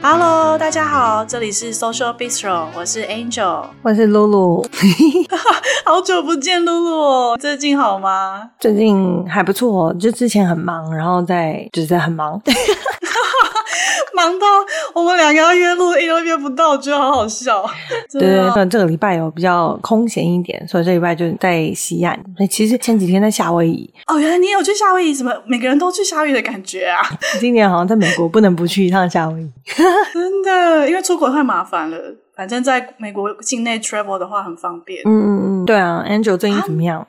Hello，大家好，這裡是 Social Bistro，我是 Angel，我是露露。 好久不見，露露哦，最近好嗎？最近還不錯，就之前很忙，然後在，就是在很忙。 忙到我們兩個要約錄音，哎呦約不到，覺得好好笑。對，但這個禮拜有比較空閒一點，所以這禮拜就在西安，所以其實前幾天在夏威夷。哦，原來你有去夏威夷，怎麼每個人都去夏威夷的感覺啊？今年好像在美國不能不去一趟夏威夷 真的，因為出國太麻煩了。反正在美國境內 travel 的話很方便。嗯嗯嗯，對啊，Angel 最近怎麼樣？啊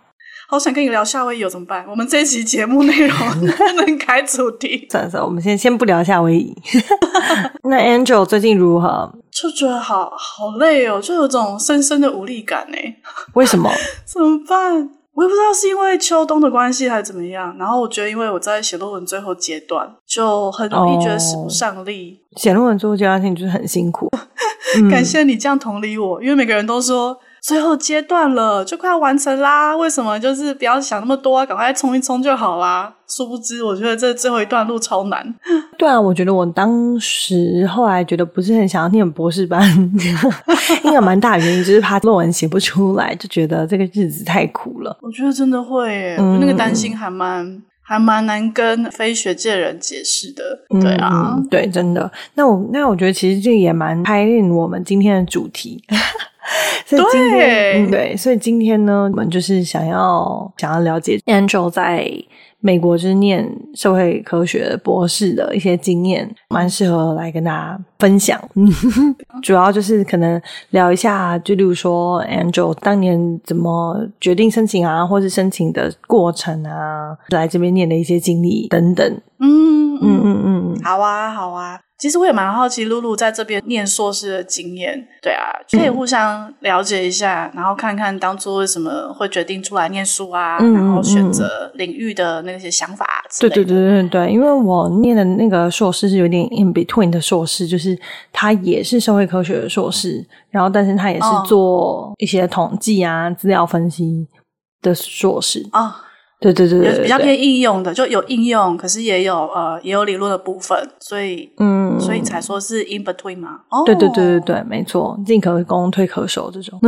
好想跟你聊夏威夷、哦，怎麼辦？我們這期節目內容不、嗯、 能改主題。算了，我們先先不聊夏威夷。 那 Angel 最近如何？就覺得好好累哦，就有種深深的無力感哎。為什麼？怎麼辦？我也不知道是因為秋冬的關係還是怎麼樣。然後我覺得，因為我在寫論文最後階段，就很容易覺得使不上力。哦、寫論文最後階段，天就是很辛苦。 感謝你這樣同理我，嗯、因為每個人都說。最後階段了，就快要完成啦！為什麼就是不要想那麼多啊？趕快衝一衝就好啦！殊不知，我覺得這最後一段路超難。對啊，我覺得我當時後來覺得不是很想要念博士班， 因為蠻大原因 就是怕論文寫不出來，就覺得這個日子太苦了。我覺得真的會，嗯、那個擔心還蠻、嗯、還蠻難跟非學界人解釋的。對啊、嗯，對，真的。那我那我覺得其實這也蠻呼應我們今天的主題。 是今天對、嗯，對，所以今天呢，我們就是想要想要了解 Angel 在美國就是念社會科學博士的一些經驗，蠻適合來跟大家分享。 主要就是可能聊一下，就例如說 Angel 當年怎麼決定申請啊，或是申請的過程啊，來這邊念的一些經歷等等。嗯嗯嗯嗯，好啊，好啊。其實我也蠻好奇露露在這邊念碩士的經驗，對啊，可以互相了解一下，嗯，然後看看當初為什麼會決定出來念書啊，嗯、然後選擇領域的那些想法之類的。嗯嗯，對，對對對對對，因為我念的那個碩士是有點 in between 的碩士，就是他也是社會科學的碩士，然後但是他也是做一些統計啊、哦、資料分析的碩士啊。哦對對對對，對，比較偏應用的，對對對對，就有應用，可是也有呃，也有理論的部分，所以嗯，所以才說是 in between 嘛。哦，對對對對對，沒錯，進可攻退可守這種。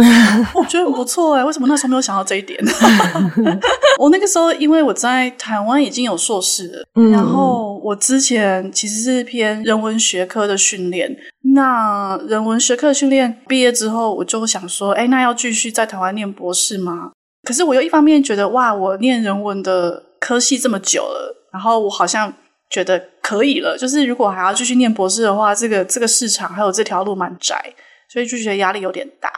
我覺得很不錯哎， 為什麼那時候沒有想到這一點？ 我那個時候，因為我在台灣已經有碩士了，了，嗯，然後我之前其實是偏人文學科的訓練。那人文學科的訓練畢業之後，我就想說，哎，欸，那要繼續在台灣念博士嗎？可是我又一方面覺得哇，我念人文的科系這麼久了，然後我好像覺得可以了。就是如果還要繼續念博士的話，這個這個市場還有這條路蠻窄，所以就覺得壓力有點大。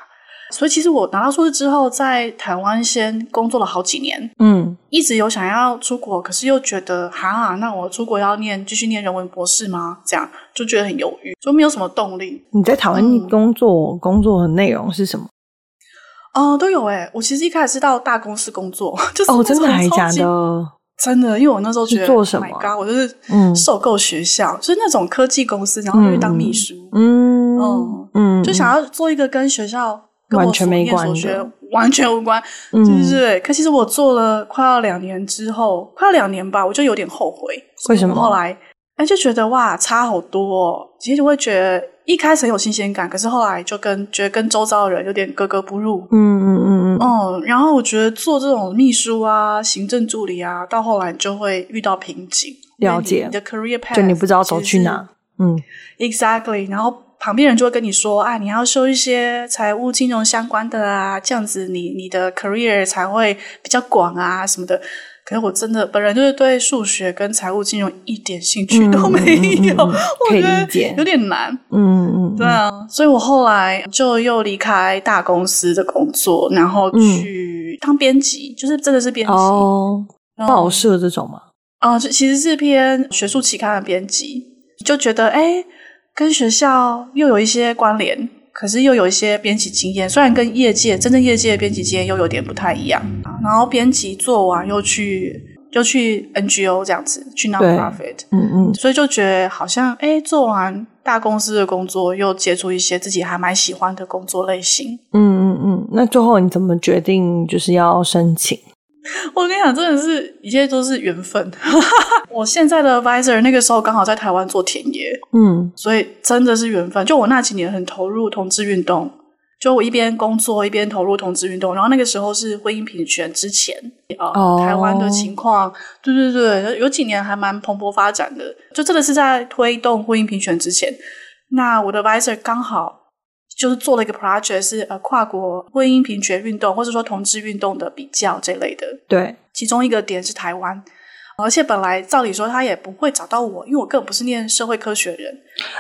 所以其實我拿到碩士之後，在台灣先工作了好幾年，嗯，一直有想要出國，可是又覺得哈、啊，那我出國要念繼續念人文博士嗎？這樣就覺得很猶豫，就沒有什麼動力。你在台灣工作、嗯，工作的內容是什麼？哦，都有哎、欸！我其實一開始是到大公司工作，就是真、哦、的還是假的？真的，因為我那時候覺得做什麼、oh、my God, 我就是嗯，受夠學校、嗯，就是那種科技公司，然後就去當秘書，嗯嗯嗯、嗯，就想要做一個跟學校跟我所念所學全沒關學完全無關，對、嗯、不、就是、對，可其實我做了快要兩年之後，快要兩年吧，我就有點後悔，後為什麼？後來哎，就覺得哇，差好多、哦，其實就會覺得。一開始很有新鮮感，可是後來就跟覺得跟周遭的人有點格格不入。嗯嗯嗯嗯。然後我覺得做這種秘書啊、行政助理啊，到後來就會遇到瓶頸。了解。你的 career path，就你不知道走去哪。嗯，exactly。然後旁邊人就會跟你說：“啊，哎，你要修一些財務、金融相關的啊，這樣子你你的 career 才會比較廣啊什麼的。”那我真的本人就是對數學跟財務金融一點興趣都沒有，嗯嗯嗯嗯、我覺得有點難。嗯嗯，嗯，嗯，對啊，所以我後來就又離開大公司的工作，然後去當編輯，就是真的是編輯，哦、報社這種嗎？哦、呃、就其實是篇學術期刊的編輯，就覺得哎，跟學校又有一些關聯。可是又有一些編輯經驗，雖然跟業界真正業界的編輯經驗又有點不太一樣，然後編輯做完又去又去 NGO 這樣子去 nonprofit，嗯嗯，所以就覺得好像哎、欸，做完大公司的工作，又接觸一些自己還蠻喜歡的工作類型，嗯嗯嗯。那最後你怎麼決定就是要申請？我跟你講，真的是一切都是緣分。 我現在的 adviser 那個時候剛好在台灣做田野，嗯，所以真的是緣分。就我那幾年很投入同志運動，就我一邊工作一邊投入同志運動。然後那個時候是婚姻平權之前啊，呃 oh. 台灣的情況，對對對，有幾年還蠻蓬勃發展的，就真的是在推動婚姻平權之前。那我的 adviser 剛好。就是做了一個 project，是呃跨國婚姻平權運動或者說同志運動的比較這類的。對，其中一個點是台灣，而且本來照理說他也不會找到我，因為我根本不是念社會科學人。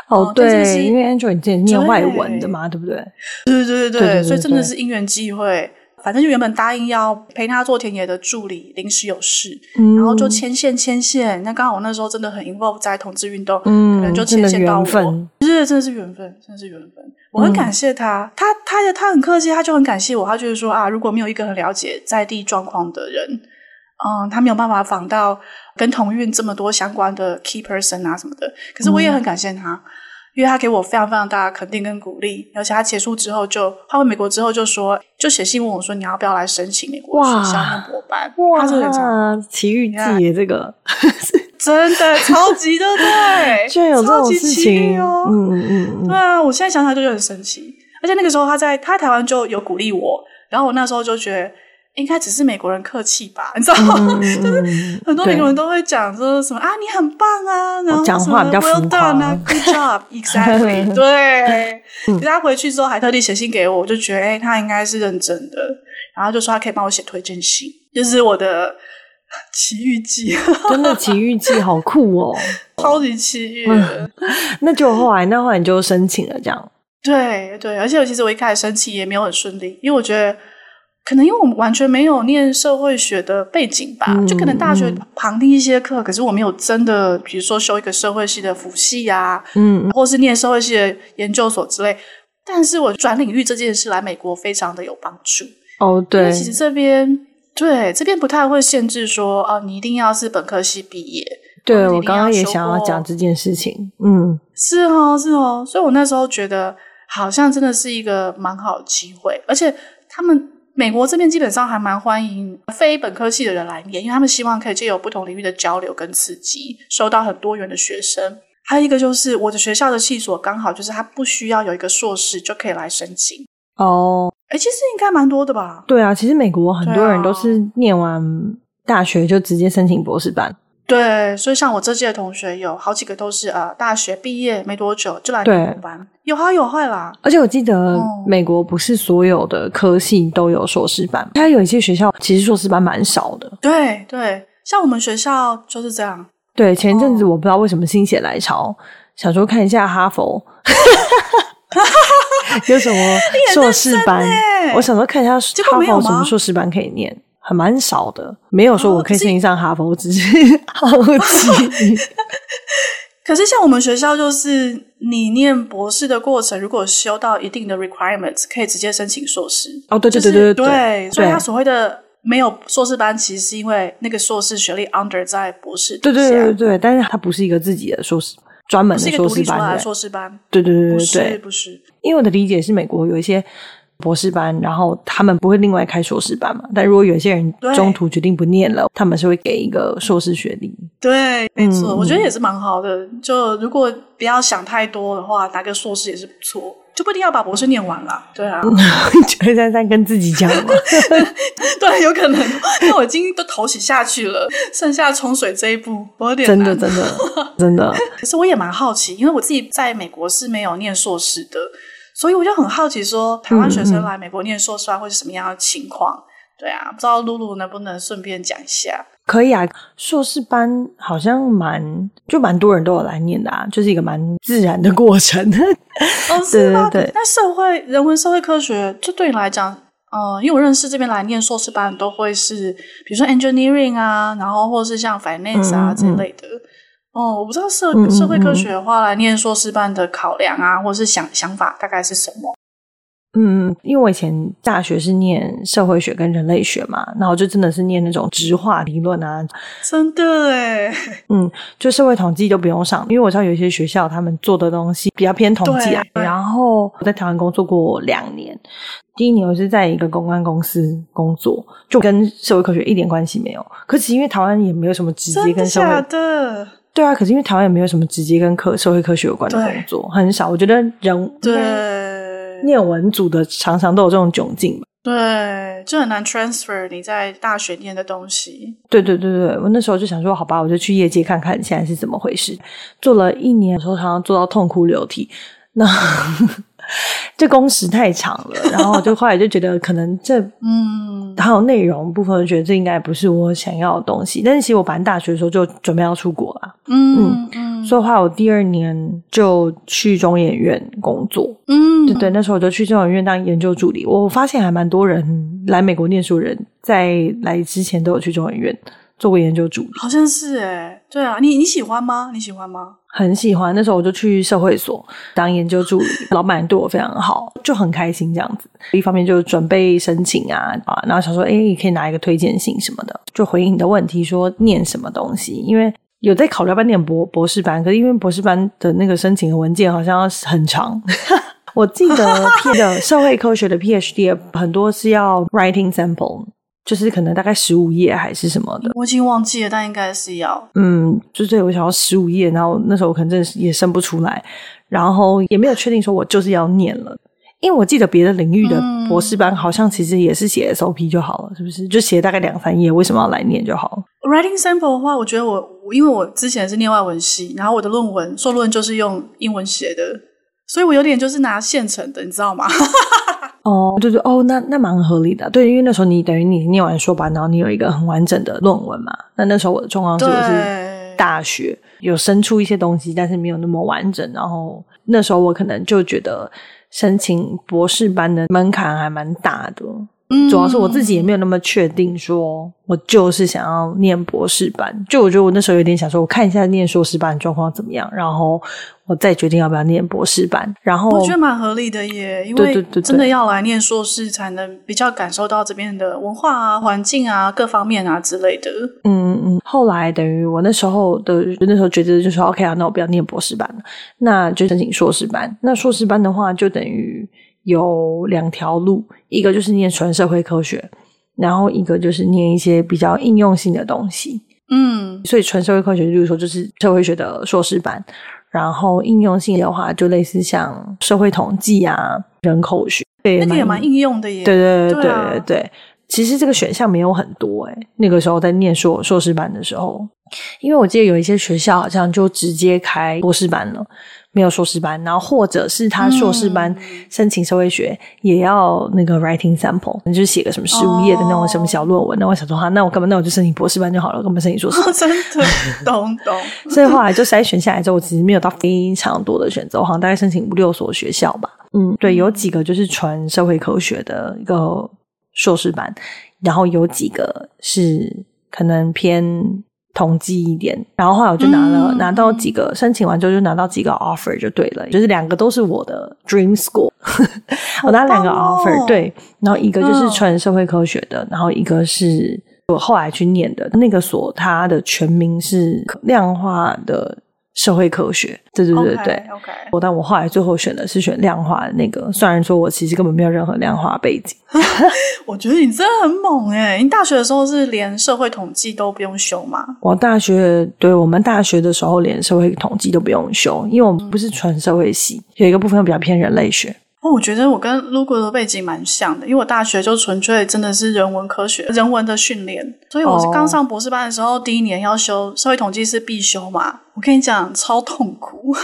哦，呃、對，因為 Angel 念外文的嘛對，對不對？對對對對對，對，對，對，對，所以真的是因緣際會。反正就原本答應要陪他做田野的助理，臨時有事，嗯、然後就牽線牽線。那剛好我那時候真的很 involve 在同志運動，嗯，可能就牽線到我。其實真的是緣分，真的是緣分。我很感謝他，嗯、他他他很客氣，他就很感謝我，他就是說啊，如果沒有一個很了解在地狀況的人，嗯，他沒有辦法訪到跟同運這麼多相關的 key person 啊什麼的。可是我也很感謝他，嗯、因為他給我非常非常大的肯定跟鼓勵，而且他結束之後就，他回美國之後就說，就寫信問我說你要不要來申請美國的學校跟博班？哇，奇遇自己這個。 真的超級的，對，對，居 然有這種事情，超級奇遇哦！嗯嗯嗯，對啊，我現在想想就覺得很神奇，嗯嗯。而且那個時候他在他在台灣就有鼓勵我，然後我那時候就覺得應該只是美國人客氣吧，你知道嗎？嗯、 就是很多美國人都會講說什麼啊，你很棒啊，然後什麼比較 Well done, Good job, Exactly， 對。可是，嗯、他回去之後還特地寫信給我，我就覺得哎，欸，他應該是認真的，然後就說他可以幫我寫推薦信，就是我的。奇遇記 真的奇遇記好酷哦，超級奇遇、嗯。那就後來，那後來你就申請了，這樣？對對，而且我其實我一開始申請也沒有很順利，因為我覺得可能因為我們完全沒有念社會學的背景吧，嗯、就可能大學旁聽一些課、嗯，可是我沒有真的，比如說修一個社會系的輔系啊，嗯，或是念社會系的研究所之類。但是我轉領域這件事來美國非常的有幫助哦，對，其實這邊。對，這邊不太會限制說啊、哦，你一定要是本科系畢業。對、哦、我剛剛也想要講這件事情，嗯，是哦，是哦，所以我那時候覺得好像真的是一個蠻好的機會，而且他們美國這邊基本上還蠻歡迎非本科系的人來念，因為他們希望可以借由不同領域的交流跟刺激，收到很多元的學生。還有一個就是我的學校的系所剛好就是他不需要有一個碩士就可以來申請哦。Oh. 哎，其實應該蠻多的吧？對啊，其實美國很多人都是念完大學就直接申請博士班。對，所以像我這屆同學有好幾個都是呃大學畢業沒多久就來讀博班，有好有壞啦。而且我記得美國不是所有的科系都有碩士班，它、哦、有一些學校其實碩士班蠻少的。對對，像我們學校就是這樣。對，前陣子我不知道為什麼心血來潮，哦、想說看一下哈佛。哈哈哈。有什麼碩士班？欸、我想說看一下哈佛什麼碩士班可以念，很蠻少的，沒有說我可以申請上哈佛，我、哦、只是好奇。哦、 可是像我們學校，就是你念博士的過程，如果修到一定的 requirements，可以直接申請碩士。哦，對對對對對,對,、就是對，所以他所謂的沒有碩士班，其實是因為那個碩士學歷 under 在博士對對對,對對對，但是他不是一個自己的碩士。專門的碩士班，碩士班，對對對對對，不是對，不是，因為我的理解是，美國有一些博士班，然後他們不會另外開碩士班嘛，但如果有一些人中途決定不念了，他們是會給一個碩士學歷。對，沒、嗯嗯、錯，我覺得也是蠻好的。就如果不要想太多的話，拿個碩士也是不錯。就不一定要把博士念完了。對啊，就在那跟自己講嘛， 對，有可能，因為我已經都頭洗下去了，剩下沖水這一步，我有點難真的真的 真的。可是我也蠻好奇，因為我自己在美國是沒有念碩士的，所以我就很好奇說，說台灣學生來美國念碩士會是什麼樣的情況？嗯嗯對啊，不知道露露能不能順便講一下。可以啊，碩士班好像蠻就蠻多人都有來念的，啊，就是一個蠻自然的過程。哦、是嗎？ 對，對，對，對，那社會人文社會科學，就對你來講，嗯、呃，因為我認識這邊來念碩士班都會是，比如說 engineering 啊，然後或者是像 finance 啊之、嗯、類的、嗯。哦，我不知道社、嗯、社會科學的話、嗯、來念碩士班的考量啊，嗯、或者是想想法大概是什麼。嗯，因為我以前大學是念社會學跟人類學嘛，然後就真的是念那種質化理論啊，真的哎。嗯，就社會統計就不用上，因為我知道有一些學校他們做的東西比較偏統計啊。然後我在台灣工作過兩年，第一年我是在一個公關公司工作，就跟社會科學一點關係沒有。可是因為台灣也沒有什麼直接跟社會的，對啊。可是因為台灣也沒有什麼直接跟科社會科學有關的工作，很少。我覺得人對。念文組的常常都有這種窘境，對，就很難 transfer 你在大學念的東西。對對對對，我那時候就想說，好吧，我就去業界看看現在是怎麼回事。做了一年，時候常常做到痛哭流涕。那。 這工時太長了，然後就後來就覺得可能這 嗯，還有內容部分，覺得這應該不是我想要的東西。但是其實我本來大學的時候就準備要出國了，嗯嗯，所以後來我第二年就去中研院工作，嗯，對,對，那時候我就去中研院當研究助理、嗯。我發現還蠻多人、嗯、來美國念書人在來之前都有去中研院做過研究助理，好像是哎、欸，對啊，你你喜歡嗎？你喜歡嗎？很喜歡，那時候我就去社會所當研究助理， 老闆對我非常好，就很開心這樣子。一方面就準備申請啊啊，然後想說，哎，可以拿一個推薦信什麼的，就回應你的問題，說念什麼東西，因為有在考慮要不要念博博士班，可是因為博士班的那個申請的文件好像很長， 我記得 P 的 社會科學的 PhD 很多是要 writing sample。就是可能大概十五頁還是什麼的，我已經忘記了，但應該是要。嗯，就這我想要十五頁，然後那時候我可能也也生不出來，然後也沒有確定說我就是要念了，因為我記得別的領域的博士班好像其實也是寫 SOP 就好了、嗯，是不是？就寫大概兩三頁，為什麼要來念就好。Writing sample 的話，我覺得我，我因為我之前是念外文系，然後我的論文、碩論就是用英文寫的，所以我有點就是拿現成的，你知道嗎？ 哦，就是哦，那那蠻合理的，對，因為那時候你等於你念完碩班，然後你有一個很完整的論文嘛。那那時候我的狀況是不是大學有生出一些東西，但是沒有那麼完整。然後那時候我可能就覺得申請博士班的門檻還蠻大的。主要是我自己也沒有那麼確定，說我就是想要念博士班。就我覺得我那時候有點想說，我看一下念碩士班狀況怎麼樣，然後我再決定要不要念博士班。然後我覺得蠻合理的耶，因為真的要來念碩士，才能比較感受到這邊的文化啊、環境啊、各方面啊之類的。嗯嗯嗯。後來等於我那時候的那時候覺得就說 OK 啊，那我不要念博士班了，那就申請碩士班。那碩士班的話，就等於。有兩條路，一個就是念純社會科學，然後一個就是念一些比較應用性的東西。嗯，所以純社會科學，就是說，就是社會學的碩士班，然後應用性的話，就類似像社會統計啊、人口學，對，那有蠻,蠻應用的耶。也對對對對對,對,對,對,對,對、啊、其實這個選項沒有很多誒、欸、那個時候在念碩碩士班的時候，因為我記得有一些學校好像就直接開博士班了。沒有碩士班，然後或者是他碩士班申請社會學，嗯、也要那個 writing sample，你就是寫個什麼十五頁的那種什麼小論文，那、哦、我想說、啊、那我根本，那我就申請博士班就好了，根本申請碩士班、哦？真的，懂懂。 所以後來就篩選下來之後，我其實沒有到非常多的選擇，我好像大概申請五六所學校吧。嗯，對，有幾個就是純社會科學的一個碩士班，然後有幾個是可能偏。統計一點，然後後來我就拿了、嗯、拿到幾個，申請完之後就拿到幾個 offer 就對了，就是兩個都是我的 dream school， 棒、哦、 我拿兩個 offer，對，然後一個就是純社會科學的、嗯，然後一個是我後來去念的，那個所它的全名是量化的。社會科學，對對對對，OK, okay。我但我後來最後選的是選量化的那個，雖然說我其實根本沒有任何量化背景。 我覺得你真的很猛哎！你大學的時候是連社會統計都不用修嗎？我大學，對，我們大學的時候連社會統計都不用修，因為我們不是純社會系，嗯、有一個部分比較偏人類學。哦，我覺得我跟 l u g 的背景蠻像的，因為我大學就純粹真的是人文科學、人文的訓練，所以我是剛上博士班的時候，oh. 第一年要修社會統計是必修嘛，我跟你講超痛苦， 我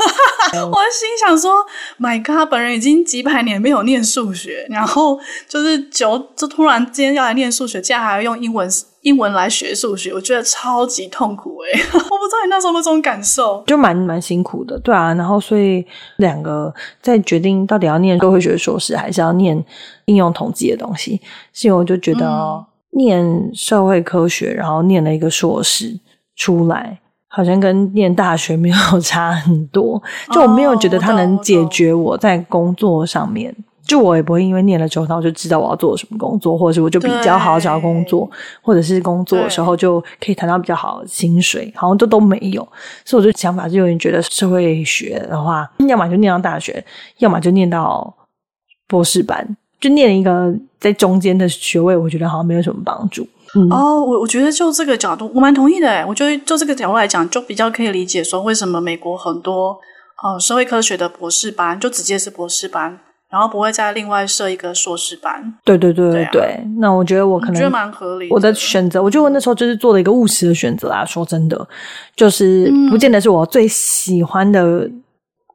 心想說 My God，他本人已經幾百年沒有念數學，然後就是就就突然間要來念數學，竟然還要用英文。英文來學數學，我覺得超級痛苦欸， 我不知道你那時候那種感受，就蠻蠻辛苦的。對啊，然後所以兩個在決定到底要念社會學碩士，還是要念應用統計的東西。所以我就覺得，念社會科學，然後念了一個碩士出來，好像跟念大學沒有差很多，就我沒有覺得它能解決我在工作上面。就我也不會因為念了之後，然後就知道我要做什麼工作，或者是我就比較好找工作，或者是工作的時候就可以談到比較好的薪水，好像都都沒有。所以我就想法是，就有點覺得社會學的話，要麼就念到大學，要麼就念到博士班，就念一個在中間的學位，我覺得好像沒有什麼幫助。哦、嗯，oh, 我我覺得就這個角度，我蠻同意的耶。我覺得就這個角度來講，就比較可以理解說，為什麼美國很多、呃、社會科學的博士班就直接是博士班，然後不會再另外設一個碩士班。對對對對，對，對、啊，那我覺得我可能覺得蠻合理。我的選擇、嗯，我覺得我那時候就是做了一個務實的選擇啊。說真的，就是不見得是我最喜歡的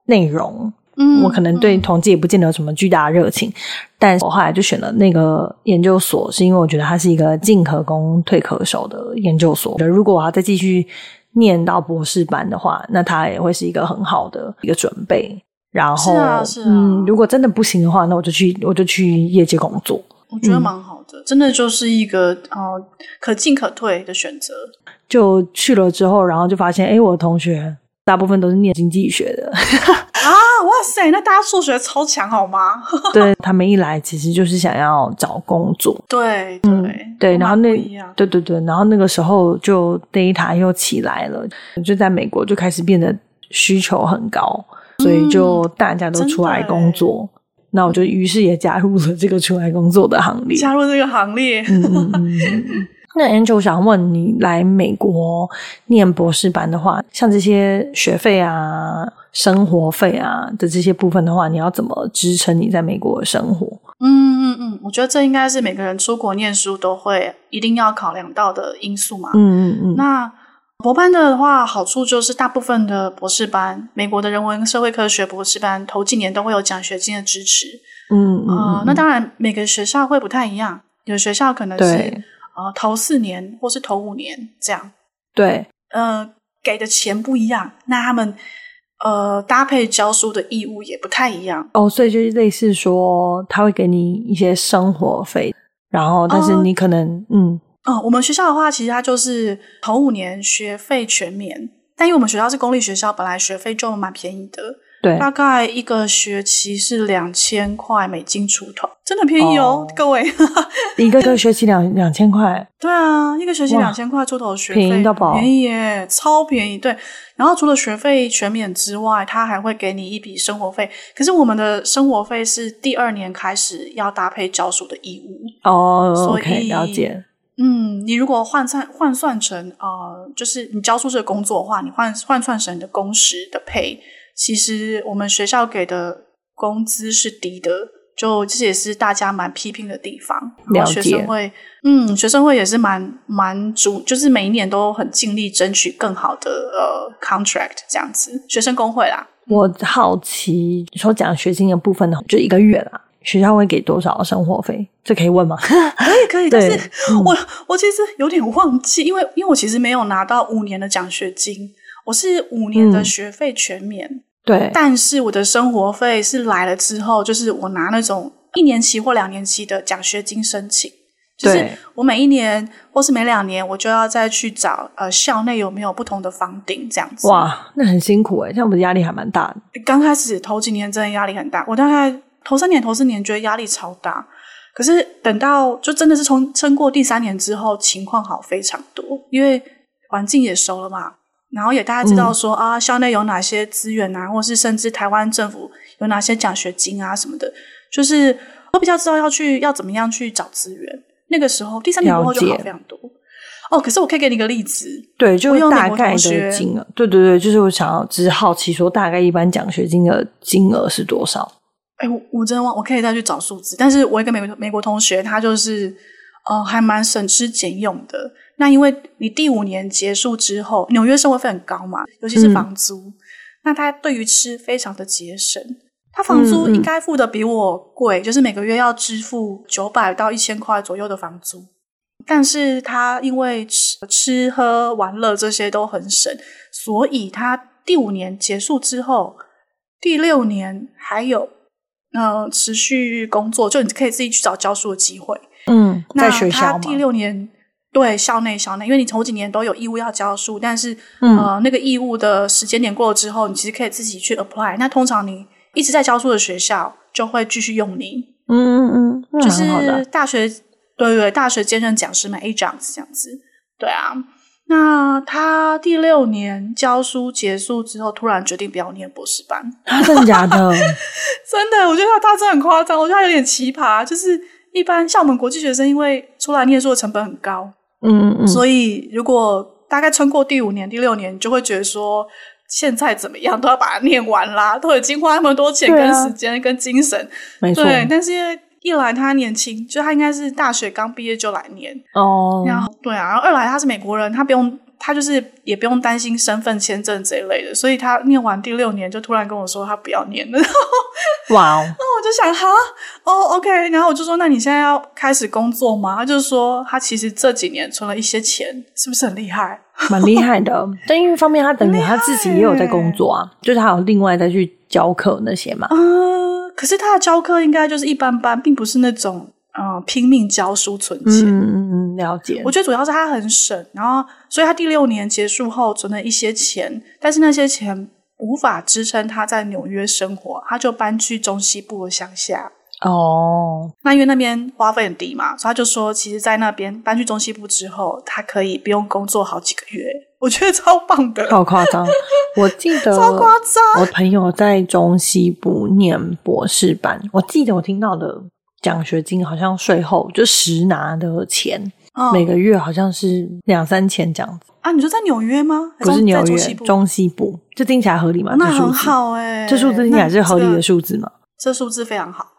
內容。嗯，我可能對統計也不見得有什麼巨大的熱情。嗯、但是我後來就選了那個研究所，是因為我覺得它是一個進可攻退可守的研究所。如果我要再繼續念到博士班的話，那它也會是一個很好的一個準備。然後是啊，是啊，嗯，如果真的不行的話，那我就去，我就去業界工作。我覺得蠻好的，嗯、真的就是一個哦、呃，可進可退的選擇。就去了之後，然後就發現，哎，我的同學大部分都是唸經濟學的 啊！哇塞，那大家數學超強好嗎？ 對，他們一來其實就是想要找工作。對，對，嗯、對，對。然後那、啊，對對對。然後那個時候就 data 又起來了，就在美國就開始變得需求很高。所以就大家都出來工作。嗯欸，那我就於是也加入了這個出來工作的行列，加入這個行列。嗯、 那 Angel 想問你，來美國念博士班的話，像這些學費啊、生活費啊的這些部分的話，你要怎麼支撐你在美國的生活？嗯嗯嗯，我覺得這應該是每個人出國念書都會一定要考量到的因素嘛。嗯嗯嗯，那。博班的話，好處就是大部分的博士班，美國的人文社會科學博士班頭幾年都會有獎學金的支持。嗯、呃、嗯，那當然每個學校會不太一樣，有的學校可能是啊、呃、頭四年或是頭五年這樣。對，呃，給的錢不一樣，那他們呃搭配教書的義務也不太一樣。哦，所以就是類似說，他會給你一些生活費，然後但是你可能、呃、嗯。嗯、哦，我們學校的話，其實它就是頭五年學費全免，但因為我們學校是公立學校，本來學費就蠻便宜的，對，大概一個學期是兩千塊美金出頭，真的便宜哦，oh. 各位， 一個一個學期兩兩千塊， 對啊，一個學期兩千塊出頭，學費便宜的便宜耶，超便宜。對，然後除了學費全免之外，他還會給你一筆生活費，可是我們的生活費是第二年開始要搭配教書的義務哦，oh, okay, 所以可以了解。嗯，你如果換算換算成呃就是你交出這個工作的話，你換換算成你的工時的 pay，其實我們學校給的工資是低的，就這也是大家蠻批評的地方。沒有學生會，嗯，學生會也是蠻蠻主，就是每一年都很盡力爭取更好的呃 contract 這樣子。學生工會啦。我好奇，說獎學金的部分呢，就一個月啦。學校會給多少生活費？這可以問嗎？ 可以，可以，對但是我、嗯、我其實有點忘記，因為因為我其實沒有拿到五年的獎學金，我是五年的學費全免、嗯，對，但是我的生活費是來了之後，就是我拿那種一年期或兩年期的獎學金申請，就是我每一年或是每兩年，我就要再去找呃校內有沒有不同的 funding 這樣子。哇，那很辛苦哎、欸，這樣不是壓力還蠻大的，剛開始頭幾年真的壓力很大，我大概。頭三年、頭四年覺得壓力超大，可是等到就真的是從撐過第三年之後，情況好非常多，因為環境也熟了嘛，然後也大家知道說、嗯、啊，校內有哪些資源啊，或是甚至台灣政府有哪些獎學金啊什麼的，就是我比較知道要去要怎麼樣去找資源。那個時候第三年之後就好非常多哦。可是我可以給你一個例子，對，就用美國大概的金額，對對對，就是我想要只是好奇說，大概一般獎學金的金額是多少？哎、欸，我我真的忘，我可以再去找數字。但是我一個美美國同學，他就是呃，還蠻省吃儉用的。那因為你第五年結束之後，紐約生活費很高嘛，尤其是房租，嗯。那他對於吃非常的節省，他房租應該付的比我貴，嗯嗯，就是每個月要支付九百到一千塊左右的房租。但是他因為吃吃喝玩樂這些都很省，所以他第五年結束之後，第六年還有。呃持續工作，就你可以自己去找教書的機會。嗯，那在學校第六年，對，校內校內，因為你頭幾年都有義務要教書，但是，嗯、呃，那個義務的時間點過了之後，你其實可以自己去 apply。那通常你一直在教書的學校就會繼續用你。嗯嗯嗯，嗯，就是好的。大學，對對，大學兼任講師，adjunct 這樣子。對啊。那他第六年教書結束之後，突然決定不要念博士班，啊、真的假的？ 真的，我覺得他他真的很誇張，我覺得他有點奇葩。就是一般像我們國際學生，因為出來念書的成本很高，嗯嗯嗯，所以如果大概撐過第五年、第六年，你就會覺得說現在怎麼樣都要把它念完啦，都已經花那麼多錢、跟時間、跟精神，啊、沒錯。對，但是因為。一來他年輕，就他應該是大學剛畢業就來念哦，oh. 然後對啊，然後二來他是美國人，他不用他就是也不用擔心身份簽證這一類的，所以他念完第六年就突然跟我說他不要念了，哇！哦，那我就想哈，哦、oh，OK，然後我就說那你現在要開始工作嗎？他就說他其實這幾年存了一些錢，是不是很厲害？蠻厲害的。 但因為方面，他等於他自己也有在工作啊，欸、就是他有另外再去教課那些嘛。Uh. 可是他的教課應該就是一般般，並不是那種嗯、呃、拼命教書存錢。嗯嗯，了解。我覺得主要是他很省，然後所以他第六年結束後存了一些錢，但是那些錢無法支撐他在紐約生活，他就搬去中西部的鄉下。哦、oh，那因為那邊花費很低嘛，所以他就說，其實，在那邊搬去中西部之後，他可以不用工作好幾個月，我覺得超棒的。好誇張！ 我記得超誇張。我朋友在中西部念博士班，我記得我聽到的獎學金好像稅後就實拿的錢，oh. 每個月好像是兩三千這樣子啊。你說在紐約嗎？不是紐約中，中西部這聽起來合理嗎？那很好哎、欸，這數字聽起來是合理的數字嗎、這個？這數字非常好。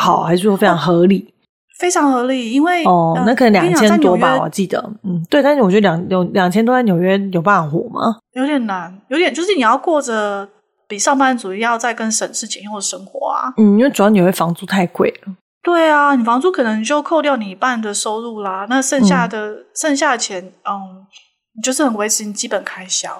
好，還是說非常合理？啊、非常合理，因為哦，那可能兩千多吧、呃我，我記得，嗯，對。但是我覺得兩有兩千多在紐約有辦法活嗎？有點難，有點就是你要過着比上班族要再更省吃儉用的生活啊。嗯，因為主要紐約房租太貴了。對啊，你房租可能就扣掉你一半的收入啦，那剩下的、嗯、剩下的錢，嗯，就是很維持你基本開銷。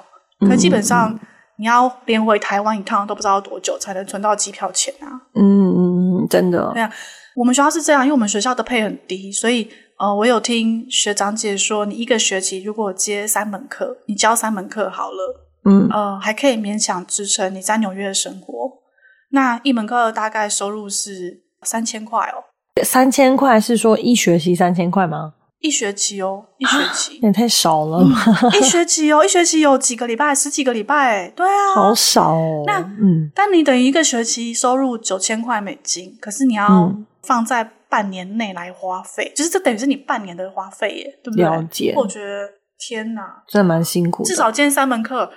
可是基本上嗯嗯嗯你要連回台灣一趟都不知道要多久才能存到機票錢啊。嗯嗯。真的、哦，對呀、啊，我們學校是這樣，因為我們學校的配很低，所以呃，我有聽學長姐說，你一個學期如果接三門課，你教三門課好了，嗯，呃，還可以勉強支撐你在紐約的生活。那一門課大概收入是三千塊哦，三千塊是說一學期三千塊嗎？一學期哦，一學期、啊、也太少了嘛！ 一學期哦，一學期有幾個禮拜，十幾個禮拜？對啊，好少哦。那嗯，但你等於一個學期收入九千塊美金，可是你要放在半年內來花費、嗯，就是這等於是你半年的花費耶，對不對？了解，我覺得天哪，真的蠻辛苦。至少兼三門課，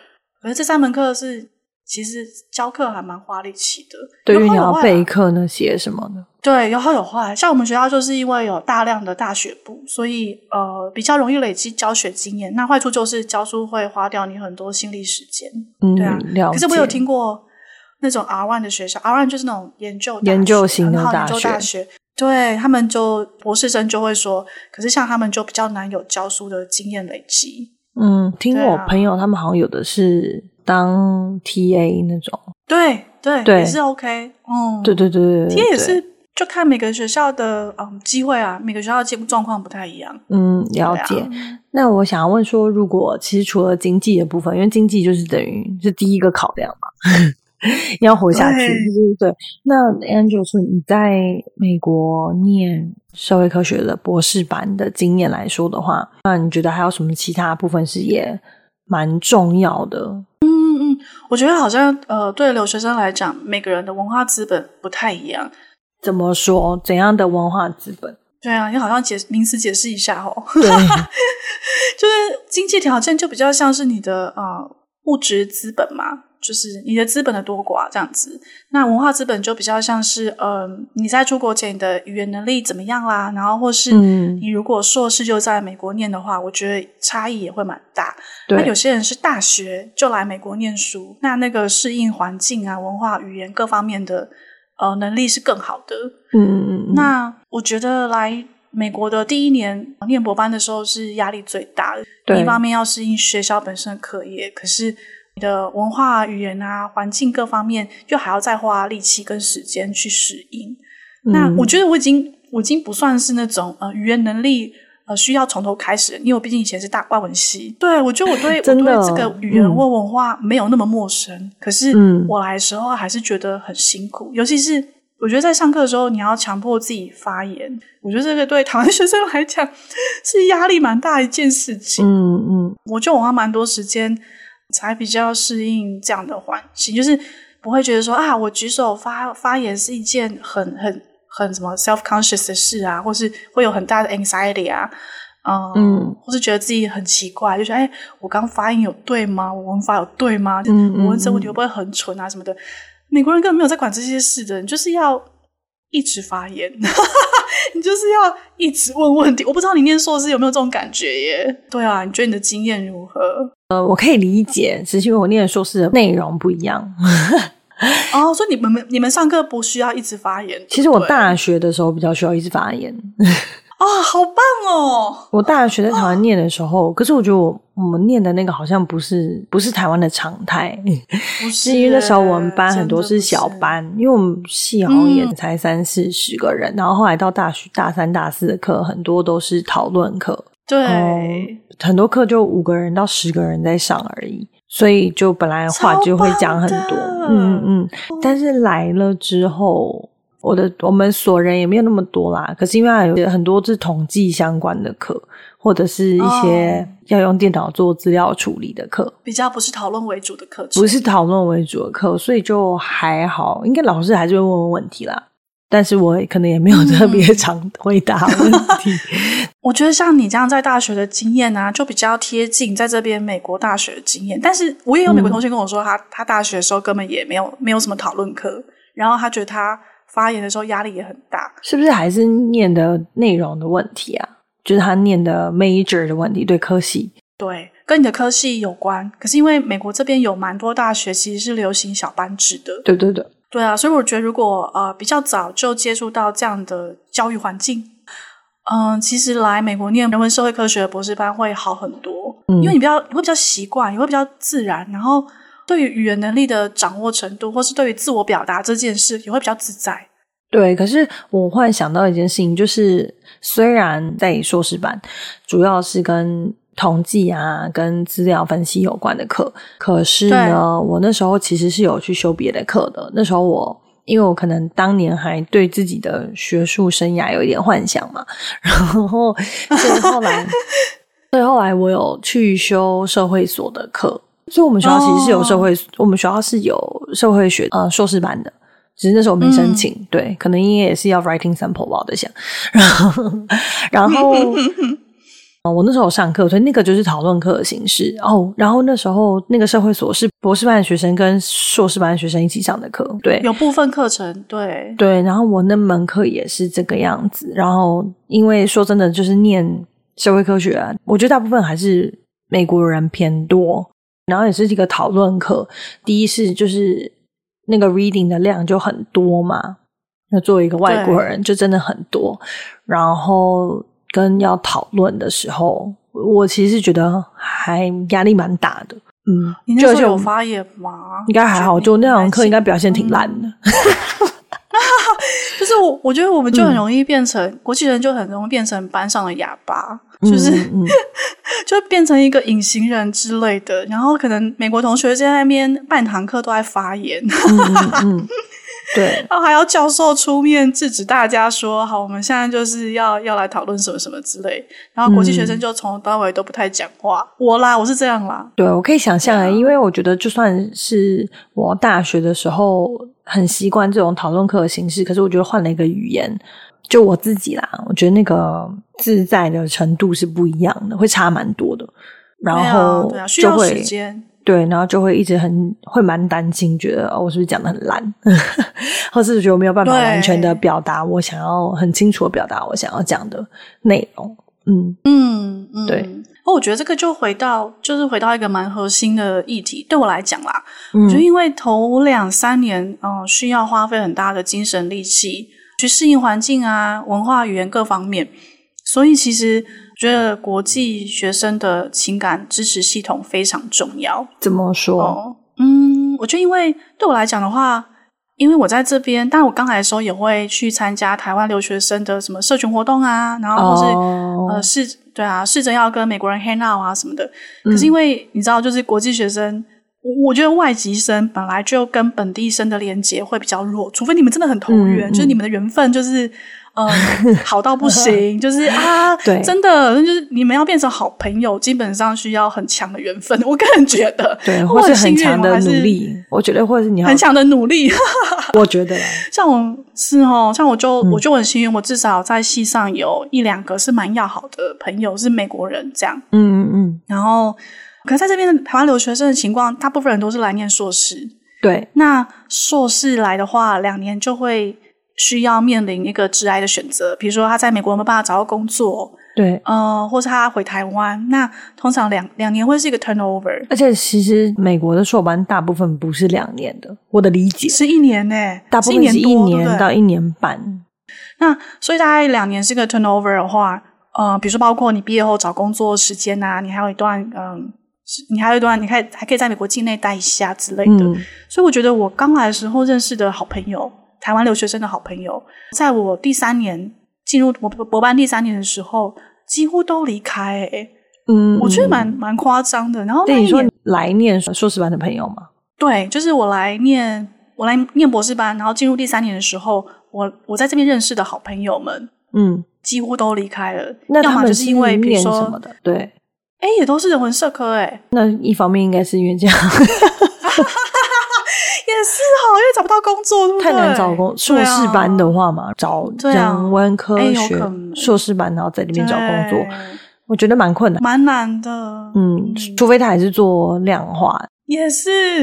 可是這三門課是其實教課還蠻花力氣的。對於你要備課那些什麼的？對，有好有壞。像我們學校就是因為有大量的大學部，所以呃比較容易累積教學經驗。那壞處就是教書會花掉你很多心力時間。嗯，對啊了解。可是我有聽過那種 R one 的學校，R one 就是那種研究研究型的大學,研究大學。對，他們就博士生就會說，可是像他們就比較難有教書的經驗累積。嗯，聽我朋友、啊、他們好像有的是當 TA 那種。對對,對，也是 OK。哦、嗯，對對對,對,對,對,對也是。就看每個學校的嗯機會啊，每個學校的情況不太一樣。嗯，了解。嗯、那我想要問說，如果其實除了經濟的部分，因為經濟就是等於是第一個考量嘛，呵呵要活下去。對，對，那 Angel 說，你在美國念社會科學的博士班的經驗來說的話，那你覺得還有什麼其他的部分是也蠻重要的？嗯嗯嗯，我覺得好像呃，對留學生來講，每個人的文化資本不太一樣。怎麼說？怎樣的文化資本？對啊，你好像解名詞解釋一下哦。 就是經濟條件就比較像是你的呃物質資本嘛，就是你的資本的多寡這樣子。那文化資本就比較像是，嗯、呃，你在出國前的語言能力怎麼樣啦？然後或是你如果碩士就在美國念的話，嗯、我覺得差異也會蠻大，對。那有些人是大學就來美國念書，那那個適應環境啊、文化、語言各方面的。呃，能力是更好的。嗯。那我覺得來美國的第一年念博班的時候是壓力最大的。對，一方面要適應學校本身的課業，可是你的文化、語言啊、環境各方面，又還要再花力氣跟時間去適應。嗯。那我覺得我已經，我已經不算是那種呃語言能力。呃，需要從頭開始，因為我畢竟以前是大外文系，對，我覺得我對我對這個語言或文化沒有那麼陌生，嗯，可是我來的時候還是覺得很辛苦，嗯，尤其是我覺得在上課的時候，你要強迫自己發言，我覺得這個對台灣學生來講是壓力蠻大一件事情。嗯嗯，我覺得我花蠻多時間才比較適應這樣的環境，就是不會覺得說啊，我舉手發發言是一件很很。很什麼 self-conscious 的事啊，或是會有很大的 anxiety 啊，呃、嗯，或是覺得自己很奇怪，就說，哎，我剛發音有對嗎？我文法有對嗎？我問這問題會不會很蠢啊？什麼的，美國人根本沒有在管這些事的人，你就是要一直發言， 你就是要一直問問題。我不知道你念碩士有沒有這種感覺耶？對啊，你覺得你的經驗如何？呃，我可以理解，只是因為我念碩士的內容不一樣。 哦，所以你們們你們上課不需要一直發言對不對？其實我大學的時候比較需要一直發言。啊、 哦，好棒哦！我大學在台灣念的時候，可是我覺得我我們念的那個好像不是不是台灣的常態、嗯，不是因為那時候我們班很多是小班，因為我們系好像也才三四十個人、嗯。然後後來到大學大三大四的課很多都是討論課，對，很多課就五個人到十個人在上而已。所以就本來話就會講很多，嗯嗯嗯。但是來了之後，我的我們所人也沒有那麼多啦。可是因為還有很多是統計相關的課，或者是一些要用電腦做資料處理的課。哦，比較不是討論為主的課，不是討論為主的課，所以就還好。應該老師還是會問問問題啦。但是我可能也沒有特別常回答問題。嗯。 我覺得像你這樣在大學的經驗啊，就比較貼近在這邊美國大學的經驗。但是我也有美國同學跟我說他，他、嗯、他大學的時候根本也沒有沒有什麼討論課，然後他覺得他發言的時候壓力也很大，是不是還是唸的內容的問題啊？就是他唸的 major 的問題，對科系，對，跟你的科系有關。可是因為美國這邊有蠻多大學其實是流行小班制的，對對對。對啊，所以我覺得如果呃比較早就接觸到這樣的教育環境，嗯、呃，其實來美國念人文社會科學的博士班會好很多，嗯，因為你比較你會比較習慣，也會比較自然，然後對於語言能力的掌握程度，或是對於自我表達這件事，也會比較自在。對，可是我忽然想到一件事情，就是雖然在碩士班，主要是跟統計啊，跟資料分析有關的課，可是呢，我那時候其實是有去修別的課的。那時候我，因為我可能當年還對自己的學術生涯有一點幻想嘛，然後，所以後來，所 以後來我有去修社會所的課。所以我們學校其實是有社會，哦、我們學校是有社會學啊、呃、碩士班的，只是那時候沒申請。嗯、對，可能因為也是要 writing sample 吧，我在想。然後，然後。 我那時候上課，所以那個就是討論課的形式。Oh，然後那時候那個社會所是博士班的學生跟碩士班的學生一起上的課，對，有部分課程，對對。然後我那門課也是這個樣子。然後因為說真的，就是念社會科學啊，我覺得大部分還是美國人偏多。然後也是這個討論課，第一是就是那個 reading 的量就很多嘛。那作為一個外國人，就真的很多。然後。跟要討論的時候，我其實覺得還壓力蠻大的。嗯，就有發言嗎？應該還好，就那堂課應該表現挺爛的。嗯、 就是我，我覺得我們就很容易變成、嗯、國際人，就很容易變成班上的啞巴，就是、嗯嗯、 就變成一個隱形人之類的。然後可能美國同學在那邊半堂課都在發言。嗯嗯 對，然、哦、後還要教授出面制止大家說好，我們現在就是要要來討論什麼什麼之類。然後國際學生就從頭到尾都不太講話、嗯，我啦，我是這樣啦。對，我可以想象啊，因為我覺得就算是我大學的時候很習慣這種討論課的形式，可是我覺得換了一個語言，就我自己啦，我覺得那個自在的程度是不一樣的，會差蠻多的。然後，就會、對啊、需要時間。對，然後就會一直很會蠻擔心，覺得哦，我是不是講得很爛，或 是，是覺得我沒有辦法完全的表達我想要很清楚的表達我想要講的內容，嗯嗯嗯，對。我覺得這個就回到，就是回到一個蠻核心的議題，對我來講啦，嗯，就因為頭兩三年，哦、呃，需要花費很大的精神力氣去適應環境啊、文化、語言各方面，所以其實。我覺得國際學生的情感支持系統非常重要。怎麼說？哦、嗯，我覺得，因為對我來講的話，因為我在這邊，當然我剛來的時候也會去參加台灣留學生的什麼社群活動啊，然後或是、oh. 呃、試對啊，試着要跟美國人 hang out 啊什麼的。可是因為你知道，就是國際學生、嗯，我覺得外籍生本來就跟本地生的連接會比較弱，除非你們真的很投緣、嗯，就是你們的緣分就是。 嗯，好到不行， 就是啊，對，真的就是你們要變成好朋友，基本上需要很強的緣分。我個人覺得，對，或者很強的努力，我覺得或者是你要很強的努力，哈哈哈，我覺得，像我是哦，像我就我就很幸運，嗯、我至少在系上有一兩個是蠻要好的朋友，是美國人這樣，嗯嗯嗯。然後，可能在這邊台灣留學生的情況，大部分人都是來念碩士，對。那碩士來的話，兩年就會。需要面臨一個致癌的選擇，比如說他在美國有沒有辦法找到工作，對，嗯、呃，或是他回台灣，那通常兩兩年會是一個 turnover。而且其實美國的碩班大部分不是兩年的，我的理解是一年呢、欸，大部分是一年，是一年對對到一年半。那所以大概兩年是一個 turnover 的話，呃，比如說包括你畢業後找工作時間啊，你還有一段嗯，你還有一段你可以還可以在美國境內待一下之類的、嗯。所以我覺得我剛來的時候認識的好朋友。台灣留學生的好朋友，在我第三年進入博博班第三年的時候，幾乎都離開、欸嗯。嗯，我覺得蠻蠻誇張的。然後，那你說你來念碩士班的朋友嗎？對，就是我來念我來念博士班，然後進入第三年的時候，我我在這邊認識的好朋友們，嗯，幾乎都離開了。那他們是要嘛就是因為譬如說什麼的？對，哎、欸，也都是人文社科、欸。哎，那一方面應該是因為這樣 也是哈、哦，因為找不到工作，太難找工作。碩士、啊、班的話嘛，找講文科學碩士、啊、班，然後在裡面找工作，我覺得蠻困難，蠻難的。嗯，除非他還是做量化。嗯、也是，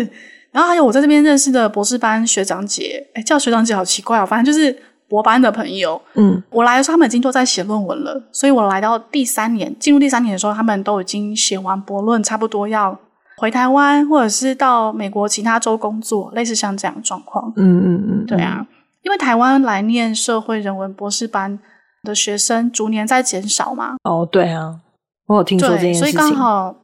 然後還有我在這邊認識的博士班學長姐，哎，叫學長姐好奇怪哦。反正就是博班的朋友，嗯，我來的時候他們已經都在寫論文了，所以我來到第三年，進入第三年的時候，他們都已經寫完博論，差不多要。回台灣，或者是到美國其他州工作，類似像這樣狀況。嗯嗯嗯，對啊，因為台灣來念社會人文博士班的學生逐年在減少嘛。哦，對啊，我有聽說對這件事，所以剛好、嗯，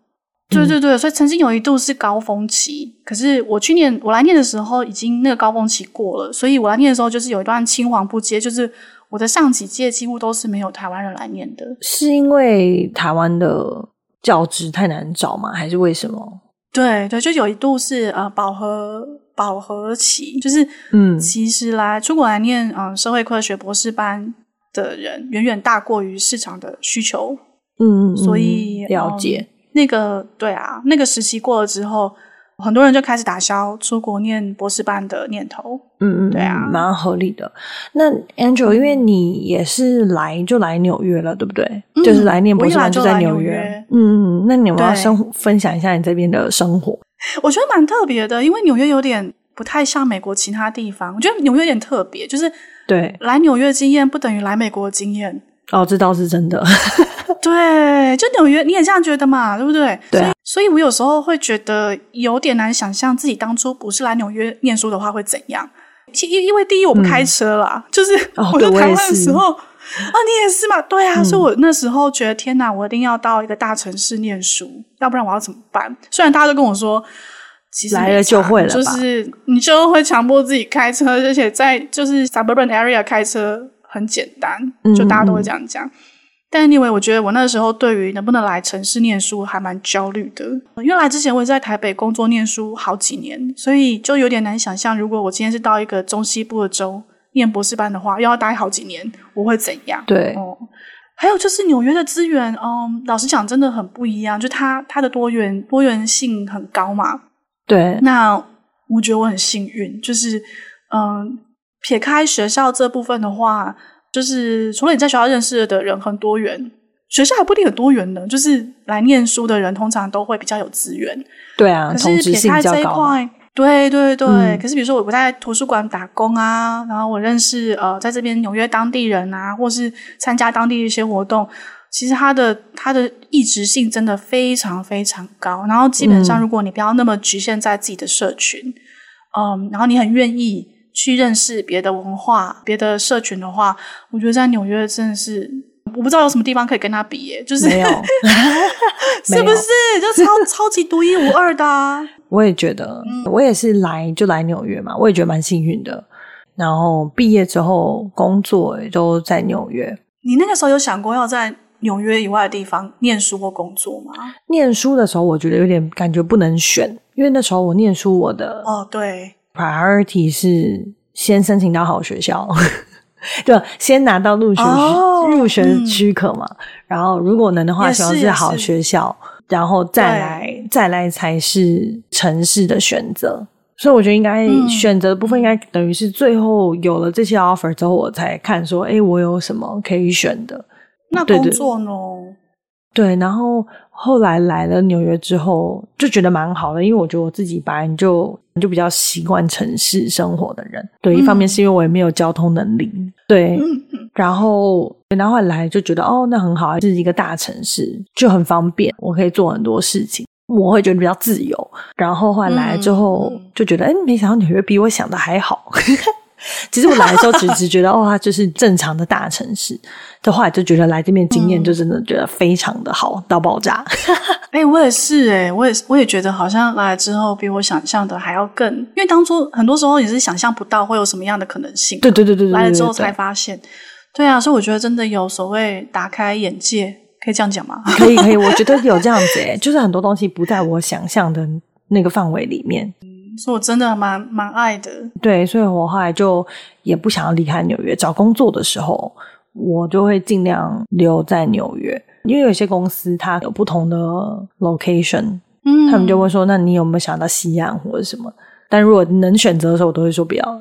對對對，所以曾經有一度是高峰期，可是我去念我來念的時候，已經那個高峰期過了，所以我來念的時候就是有一段青黃不接，就是我的上幾屆幾乎都是沒有台灣人來念的。是因為台灣的教職太難找嗎？還是為什麼？對對，就有一度是呃飽和飽和期，就是嗯，其實來出國來念呃社會科學博士班的人遠遠大過於市場的需求，嗯，嗯，所以了解，呃，那個對啊，那個時期過了之後。很多人就開始打消出國念博士班的念頭。嗯嗯，對啊，蠻、嗯、合理的。那 Angel、嗯、因為你也是來就來紐約了，對不對嗯？就是來念博士班就在紐約。嗯，我一來就來紐約。嗯，那你有沒有要生分享一下你這邊的生活？我覺得蠻特別的，因為紐約有點不太像美國其他地方。我覺得紐約有點特別，就是對來紐約經驗不等於來美國的經驗。哦，這倒是真的。 對，就紐約，你也這樣覺得嘛，對不對？對、啊。所以，所以我有時候會覺得有點難想象自己當初不是來紐約念書的話會怎樣。因因為第一我不開車啦，嗯、就是、oh, 我在台灣的時候，啊，你也是嘛？對啊，嗯、所以我那時候覺得天哪，我一定要到一個大城市念書，要不然我要怎麼辦？雖然大家都跟我說，其實來了就會了，就是你就會強迫自己開車，而且在就是 suburban area 開車很簡單，就大家都會這樣講。嗯嗯但因為我覺得我那時候對於能不能來城市念書還蠻焦慮的，因為來之前我也在台北工作念書好幾年，所以就有點難想象，如果我今天是到一個中西部的州念博士班的話，又要待好幾年，我會怎樣？對哦，嗯，還有就是紐約的資源，嗯，老實講真的很不一樣，就它它的多元多元性很高嘛。對，那我覺得我很幸運，就是嗯，撇開學校這部分的話。就是除了你在學校認識的人很多元，學校還不一定很多元呢。就是來念書的人通常都會比較有資源，對啊，可是撇開這一塊，同質性比較高嘛，對對對，嗯，可是比如說我我在圖書館打工啊，然後我認識呃在這邊紐約當地人啊，或是參加當地的一些活動，其實他的他的異質性真的非常非常高。然後基本上如果你不要那麼局限在自己的社群，嗯，嗯然後你很願意。去認識別的文化、別的社群的話，我覺得在紐約真的是我不知道有什麼地方可以跟他比耶，欸，就是沒有， 是不是就超 超級獨一無二的啊。我也覺得，嗯，我也是來就來紐約嘛，我也覺得蠻幸運的。然後畢業之後工作也都在紐約。你那個時候有想過要在紐約以外的地方念書或工作嗎？念書的時候我覺得有點感覺不能選，嗯，因為那時候我念書我的哦，對。Priority 是先申請到好學校， 對，先拿到入學、oh, 入學許可嘛、嗯。然後如果能的話，希望是，是好學校，然後再來再來才是城市的選擇。所以我覺得應該選擇的部分應該等於是最後有了這些 offer 之後，我才看說，哎、欸，我有什麼可以選的？那工作呢？對，對，對，對，然後。後來來了紐約之後，就覺得蠻好的，因為我覺得我自己本來就就比較習慣城市生活的人。對，一方面是因為我也沒有交通能力，嗯、對。然後，等到後來就覺得，哦，那很好，這是一個大城市，就很方便，我可以做很多事情，我會覺得比較自由。然後後來，來之後、嗯、就覺得，哎，沒想到紐約比我想的還好。 其實我來的時候只是覺得 哦，它就是正常的大城市。的話就覺得來這邊經驗，就真的覺得非常的好、嗯、到爆炸。哎 欸，我也是、欸，哎，我也是，我也覺得好像來了之後比我想象的還要更。因為當初很多時候也是想象不到會有什麼樣的可能性。 來來對對對對對，來了之後才發現。對啊，所以我覺得真的有所謂打開眼界，可以這樣講嗎？ 可以可以，我覺得有這樣子、欸，哎，就是很多東西不在我想象的那個範圍裡面。 所以我真的蠻蠻愛的，對，所以我後來就也不想要離開紐約。找工作的時候，我就會盡量留在紐約，因為有些公司它有不同的 location，嗯，他們就會說，那你有沒有想到西岸或者什麼？但如果能選擇的時候，我都會說不要。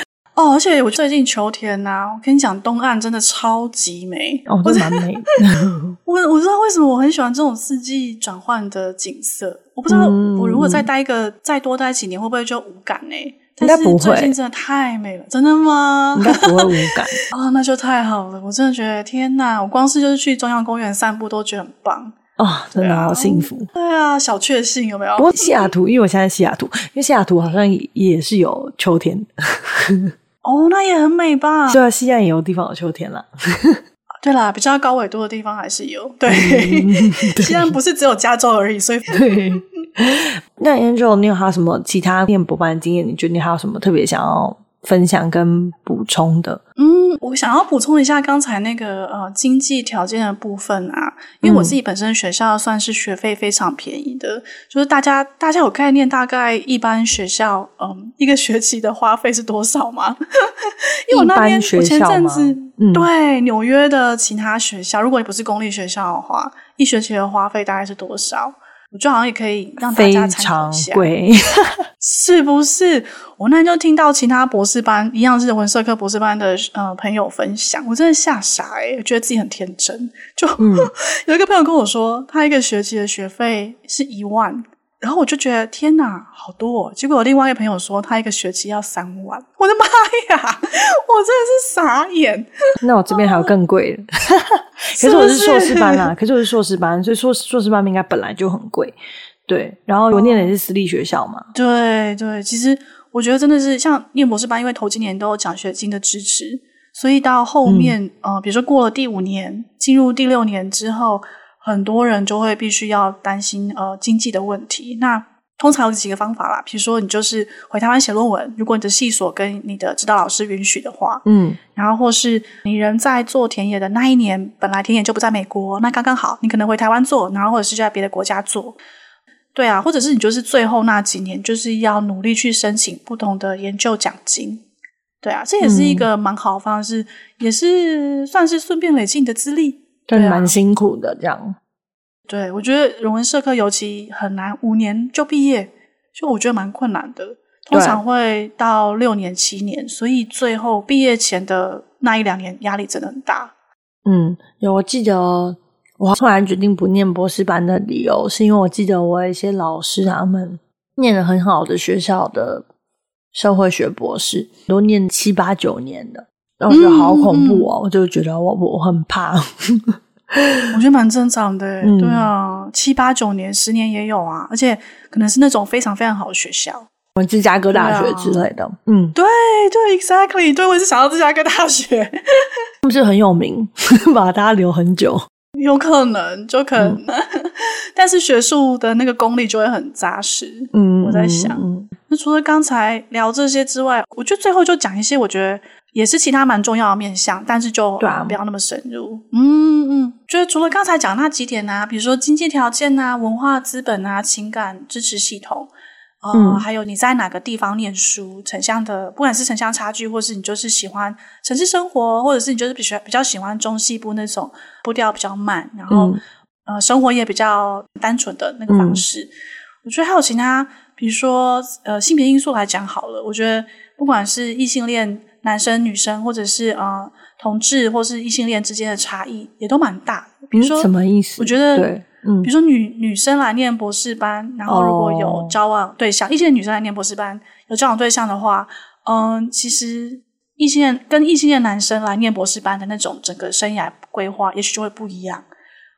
哦，而且我最近秋天吶、啊，我跟你講，東岸真的超級美，我、哦、都蠻美。 我我知道為什麼我很喜歡這種四季轉換的景色。嗯、我不知道我如果再待一個再多待幾年，會不會就無感呢、欸？但是最近真的太美了，真的嗎？應該不會無感啊、 哦，那就太好了。我真的覺得，天吶，我光是就是去中央公園散步都覺得很棒啊、哦，真的、啊啊、好幸福、嗯。對啊，小確幸有沒有？不過西雅圖，因為我現在西雅圖，因為西雅圖好像也，也是有秋天。 哦，那也很美吧？是啊，西岸也有地方有秋天了。 對啦，比較高緯度的地方還是有。對，嗯、對 西岸不是只有加州而已，所以對。 那 Angel，你有還有什麼其他念博班經驗？你覺得你還有什麼特別想要？分享跟補充的，嗯，我想要補充一下剛才那個呃經濟條件的部分啊，因為我自己本身學校算是學費非常便宜的，嗯、就是大家大家有概念，大概一般學校，嗯，一個學期的花費是多少嗎？ 因為我那邊，一般學校嗎？我前陣子、嗯，對，紐約的其他學校，如果你不是公立學校的話，一學期的花費大概是多少？我就好像也可以讓大家參考一下，非常貴。 是不是？我那天就聽到其他博士班，一樣是文社科博士班的呃朋友分享，我真的嚇傻哎、欸，覺得自己很天真。就、嗯、 有一個朋友跟我說，他一個學期的學費是一萬，然後我就覺得天哪，好多、哦。結果我另外一個朋友說，他一個學期要三萬，我的媽呀，我真的是傻眼。 那我這邊還有更貴的。 可是我是碩士班啊，是是，可是我是碩士班，所以碩士碩士班應該本來就很貴，對。然後我念的也是私立學校嘛，哦、對對。其實我覺得真的是像念博士班，因為頭幾年都有獎學金的支持，所以到後面、嗯、呃，比如說過了第五年，進入第六年之後，很多人就會必須要擔心呃經濟的問題。那通常有幾個方法啦，比如說你就是回台灣寫論文，如果你的系所跟你的指導老師允許的話，嗯，然後或是你人在做田野的那一年，本來田野就不在美國，那剛剛好，你可能回台灣做，然後或者是就在別的國家做，對啊，或者是你就是最後那幾年，就是要努力去申請不同的研究獎金，對啊，這也是一個蠻好的方式，嗯，也是算是順便累積你的資歷，對，對啊，蠻辛苦的這樣。對，我覺得人文社科尤其很難，五年就畢業，就我覺得蠻困難的。啊、通常會到六年、七年，所以最後畢業前的那一兩年，壓力真的很大。嗯，有我記得我突然決定不念博士班的理由，是因為我記得我有一些老師他們念的很好的學校的社會學博士，都念七八九年的，然後我覺得好恐怖哦，嗯嗯嗯，我就覺得我我很怕。 我覺得蠻正常的，嗯，對啊，七八九年，十年也有啊，而且可能是那種非常非常好的學校，們芝加哥大學之類的。啊、嗯，對，對，exactly，對我也是想到芝加哥大學，是 不是很有名， 把它留很久？有可能，就可能，嗯、但是學術的那個功力就會很扎實。嗯，我在想，嗯嗯嗯、那除了剛才聊這些之外，我就最後就講一些，我覺得。也是其他蠻重要的面向，但是就對啊，不要那麼深入。嗯嗯，就是除了剛才講那幾點啊，比如說經濟條件啊、文化資本啊、情感支持系統啊、呃嗯，還有你在哪個地方唸書、城鄉的，不管是城鄉差距，或是你就是喜歡城市生活，或者是你就是比比較喜歡中西部那種步調比較慢，然後、嗯、呃生活也比較單純的那個方式。嗯、我覺得還有其他，比如說呃性別因素來講好了，我覺得不管是異性戀，男生、女生，或者是啊、嗯，同志或是異性戀之間的差異也都蠻大。比如說，什麼意思？我覺得，嗯，比如說女女生來念博士班，然後如果有交往對象，異、哦、性女生來念博士班有交往對象的話，嗯，其實異性戀跟異性戀男生來念博士班的那種整個生涯規劃，也許就會不一樣。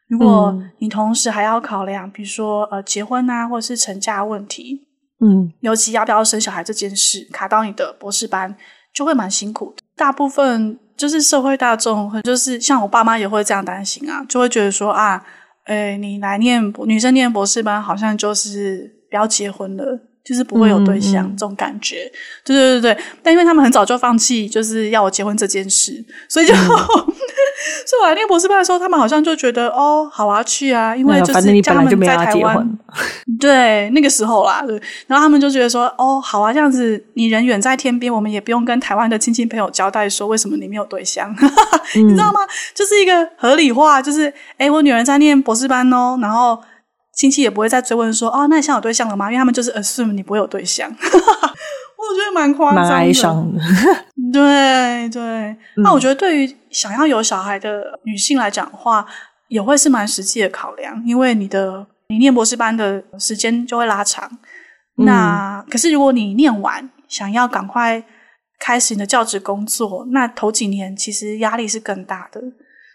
如果你同時還要考量，比如說呃，結婚啊，或者是成家問題，嗯，尤其要不要生小孩這件事，卡到你的博士班，就會蠻辛苦的，大部分就是社會大眾，就是像我爸媽也會這樣擔心啊，就會覺得說啊，誒，你來念女生念博士班，好像就是不要結婚了，就是不會有對象、嗯、這種感覺，對對對對，但因為他們很早就放棄就是要我結婚這件事，所以就。嗯 所以我來念博士班的時候，他們好像就覺得哦，好啊，去啊，因為就是叫他們在台灣，對那個時候啦。對，然後他們就覺得說哦，好啊，這樣子，你人遠在天邊，我們也不用跟台灣的親戚朋友交代說為什麼你沒有對象， 你知道嗎、嗯？就是一個合理化，就是誒，我女兒在念博士班哦，然後親戚也不會再追問說哦，那你現在有對象了嗎？因為他們就是 assume、呃、你不會有對象。 我覺得蠻誇張的，蠻哀傷的。 對對、嗯，那我覺得對於。想要有小孩的女性來講的話，也會是蠻實際的考量，因為你的你念博士班的時間就會拉長。嗯。那可是如果你念完想要趕快開始你的教職工作，那頭幾年其實壓力是更大的。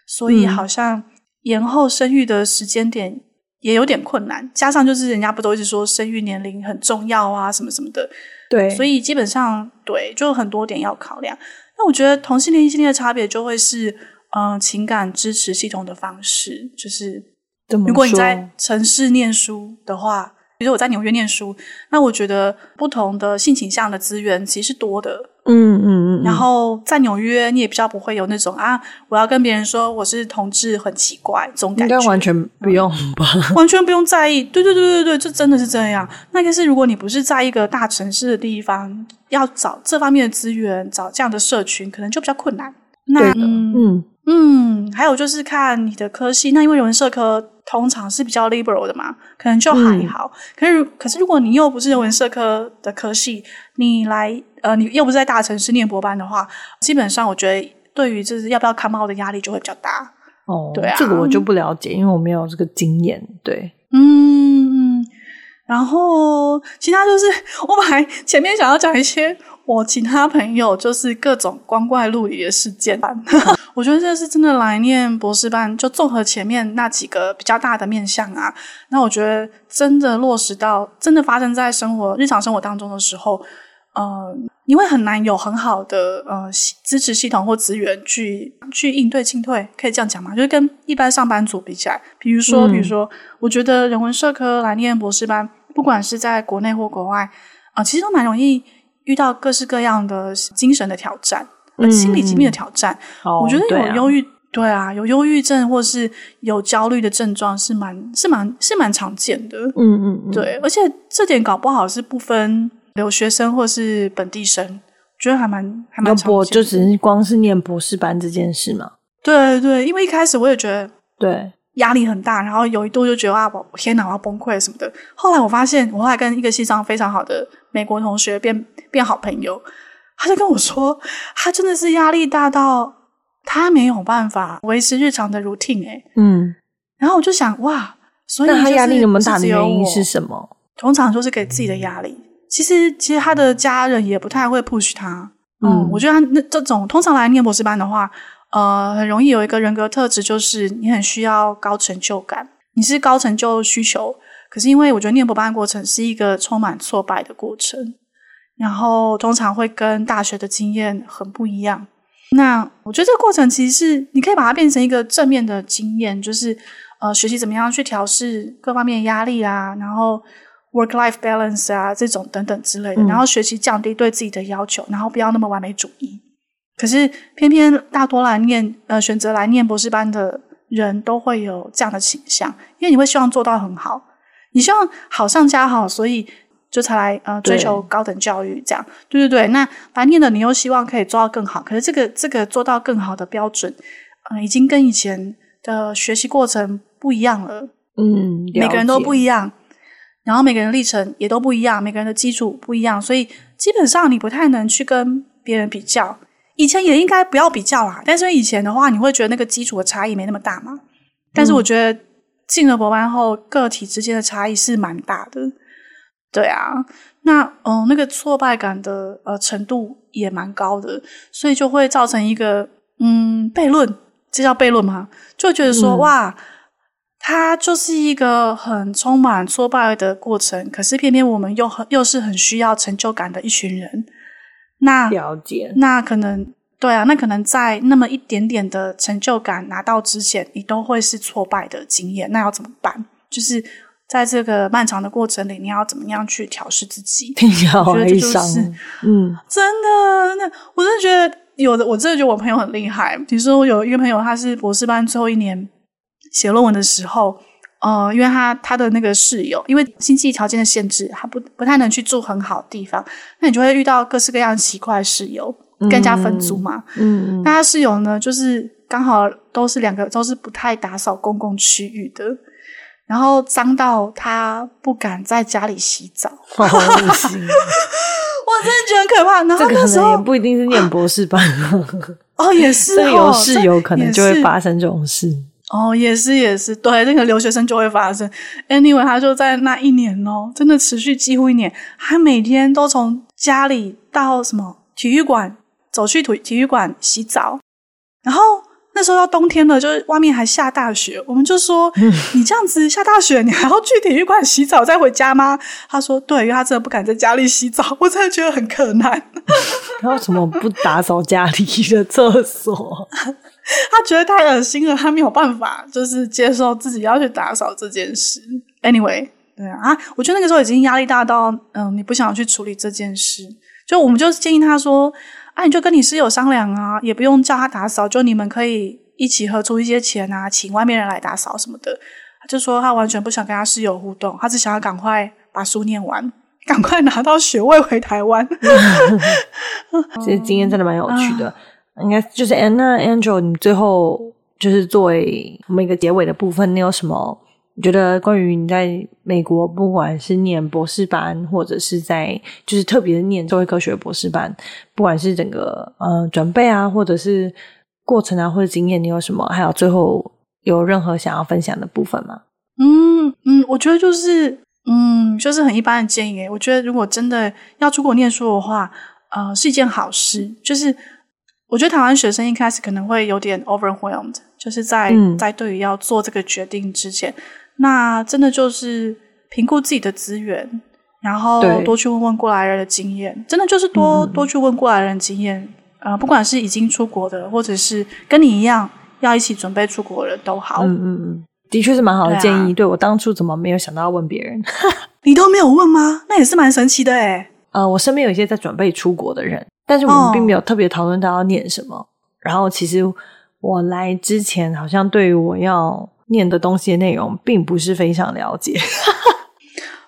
所以好像延後生育的時間點也有點困難。加上就是人家不都一直說生育年齡很重要啊，什麼什麼的。對，所以基本上對，就很多點要考量。那我覺得同性戀、異性戀的差別就會是，嗯，情感支持系統的方式，就是，如果你在城市念書的話，比如說我在紐約念書，那我覺得不同的性傾向的資源其實是多的。嗯嗯嗯，然後在紐約你也比較不會有那種啊，我要跟別人說我是同志很奇怪，這種感覺應該完全不用吧、嗯，完全不用在意。對對對對對，這真的是這樣。那但是如果你不是在一個大城市的地方，要找這方面的資源，找這樣的社群，可能就比較困難。那嗯嗯，還有就是看你的科系，那因為人文社科。通常是比較 liberal 的嘛，可能就還好。嗯、可是，可是如果你又不是人文社科的科系，你來呃，你又不是在大城市念博班的話，基本上我覺得對於就是要不要 come out 的壓力就會比較大。哦，對啊，這個我就不了解，因為我沒有這個經驗。對，嗯。然後，其他就是我本來前面想要講一些我其他朋友就是各種光怪陸離的事件，我覺得這是真的來念博士班，就綜合前面那幾個比較大的面向啊，那我覺得真的落實到真的發生在生活日常生活當中的時候。呃，你會很難有很好的呃支持系統或資源去去應對進退，可以這樣講嗎？就是跟一般上班族比起來，比如說、嗯，比如說，我覺得人文社科來念博士班，不管是在國內或國外，啊、呃，其實都蠻容易遇到各式各樣的精神的挑戰，嗯嗯嗯，心理疾病的挑戰。哦、嗯嗯，我覺得有憂鬱、哦對啊，對啊，有憂鬱症或是有焦慮的症狀是蠻是蠻，是蠻，是，蠻是蠻常見的。嗯，嗯嗯，對，而且這點搞不好是不分。留學生或是本地生，覺得還蠻還蠻，要不就只是光是念博士班這件事嘛。對對，因為一開始我也覺得對壓力很大，然後有一度就覺得啊，我天哪，我要崩潰什麼的。後來我發現，我後來跟一個系上非常好的美國同學變變好朋友，他就跟我說、嗯，他真的是壓力大到他沒有辦法維持日常的 routine、欸。哎，嗯，然後我就想哇，所以、就是、那他壓力那麼大的原因是什麼是？通常就是給自己的壓力。嗯其實，其實他的家人也不太會 push 他。嗯，嗯，我覺得他那這種通常來念博士班的話，呃，很容易有一個人格特質，就是你很需要高成就感，你是高成就需求。可是因為我覺得念博班的過程是一個充滿挫敗的過程，然後通常會跟大學的經驗很不一樣。那我覺得這個過程其實是你可以把它變成一個正面的經驗，就是呃，學習怎麼樣去調試各方面的壓力啦、啊，然後。work-life balance 啊，這種等等之類的，嗯，然後學習降低對自己的要求，然後不要那麼完美主義。可是偏偏大多來念呃選擇來念博士班的人都會有這樣的傾向，因為你會希望做到很好，你希望好上加好，所以就才來呃追求高等教育這樣，對對對。那來念的你又希望可以做到更好，可是這個這個做到更好的標準，嗯、呃，已經跟以前的學習過程不一樣了。嗯，每個人都不一樣。然後每個人的歷程也都不一樣，每個人的基礎不一樣，所以基本上你不太能去跟別人比較。以前也應該不要比較啊，但是以前的話，你會覺得那個基礎的差異沒那麼大嘛。嗯、但是我覺得進了博班後，個體之間的差異是蠻大的。對啊，那哦、嗯，那個挫敗感的呃程度也蠻高的，所以就會造成一個嗯悖論，這叫悖論嘛，就覺得說、嗯、哇。他就是一個很充滿挫敗的過程，可是偏偏我們又很又是很需要成就感的一群人。那了解，那可能對啊，那可能在那麼一點點的成就感拿到之前，你都會是挫敗的經驗。那要怎麼辦？就是在這個漫長的過程裡，你要怎麼樣去調適自己？我覺得這就是，嗯，真的，那我真的覺得有的，我真的覺得我朋友很厲害。比如說，我有一個朋友，他是博士班最後一年，寫論文的時候，呃，因為他他的那個室友，因為經濟條件的限制，他不不太能去住很好的地方，那你就會遇到各式各樣奇怪的室友，嗯，更加分租嘛，嗯。嗯，那他室友呢，就是剛好都是兩個都是不太打掃公共區域的，然後髒到他不敢在家裡洗澡。哦啊， 我真的覺得很可怕。然後那時候，這個，也不一定是念博士班 哦，也是，哦，有室友可能就會發生這種事。哦，也是也是，對那個留學生就會發生。Anyway，他就在那一年哦，真的持續幾乎一年，他每天都從家裡到什麼體育館走去體育館洗澡。然後那時候到冬天了，就是外面還下大雪。我們就說：“你這樣子下大雪，你還要去體育館洗澡再回家嗎？”他說：“對，因為他真的不敢在家裡洗澡。”我真的覺得很可難。他為什麼不打掃家裡的廁所？ 他覺得太惡心了，他沒有辦法，就是接受自己要去打掃這件事。Anyway，對啊，我覺得那個時候已經壓力大到，嗯，你不想去處理這件事。就我們就建議他說：“啊，你就跟你室友商量啊，也不用叫他打掃，就你們可以一起合出一些錢啊，請外面人來打掃什麼的。”他就說他完全不想跟他室友互動，他只想要趕快把書唸完，趕快拿到學位回台灣。 其實今天真的蠻有趣的。 應該就是那 Angel，你最後就是作為我們一個結尾的部分，你有什麼你覺得關於你在美國，不管是念博士班，或者是在就是特別是念社會科學博士班，不管是整個呃準備啊，或者是過程啊，或者經驗，你有什麼？還有最後有任何想要分享的部分嗎？嗯嗯，我覺得就是嗯，就是很一般的建議。哎，我覺得如果真的要出國念書的話，呃，是一件好事，就是。我覺得台灣學生一開始可能會有點 overwhelmed，就是在、嗯、在對於要做這個決定之前，那真的就是評估自己的資源，然後多去問問過來人的經驗，真的就是多、嗯、多去問過來人的經驗，呃，不管是已經出國的，或者是跟你一樣要一起準備出國的人都好。嗯嗯嗯，的確是蠻好的建議。對、啊、對我當初怎麼沒有想到要問別人？ 你都沒有問嗎？那也是蠻神奇的哎、欸。呃，我身邊有一些在準備出國的人，但是我們並沒有特別討論他要念什麼。哦、然後，其實我來之前，好像對於我要念的東西的內容，並不是非常了解。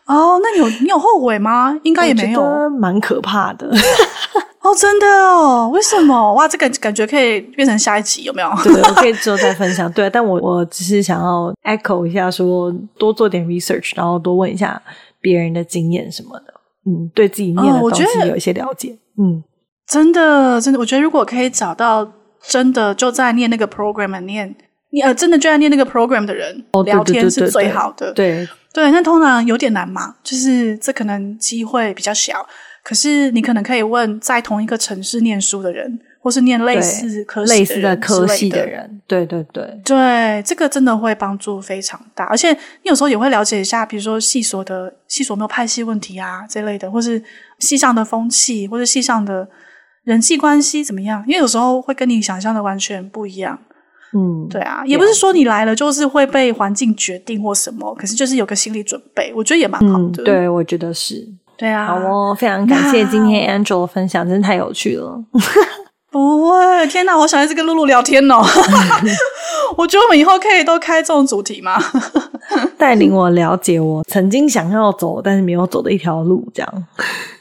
哦，那你有你有後悔嗎？應該也沒有，蠻可怕的。 哦，真的哦？為什麼？哇，這個感覺可以變成下一集有沒有？ 對，我可以之後再分享。對，但我我只是想要 echo 一下說，說多做點 research，然後多問一下別人的經驗什麼的。嗯，對自己念的東西，我覺得有一些了解，哦。嗯，真的，真的，我覺得如果可以找到真的就在念那個 program 念你，呃，真的就在念那個 program 的人，哦，對對對對對，聊天是最好的，對對對對。對，對，那通常有點難嘛，就是這可能機會比較小，可是你可能可以問在同一個城市念書的人。或是念類似科類，類似的科系的人，對對對對，這個真的會幫助非常大。而且你有時候也會了解一下，比如說系所的系所沒有派系問題啊，這類的，或是系上的風氣，或是系上的人際關係怎麼樣？因為有時候會跟你想象的完全不一樣。嗯，對啊，也不是說你來了就是會被環境決定或什麼，可是就是有個心理準備，我覺得也蠻好的。嗯，對，我覺得是。對啊。好哦，非常感謝今天 Angel 的分享，真的太有趣了。 不會，天哪！我想一直跟露露聊天哦， 我覺得我們以後可以都開這種主題嗎？ 帶領我了解我曾經想要走但是沒有走的一條路，這樣。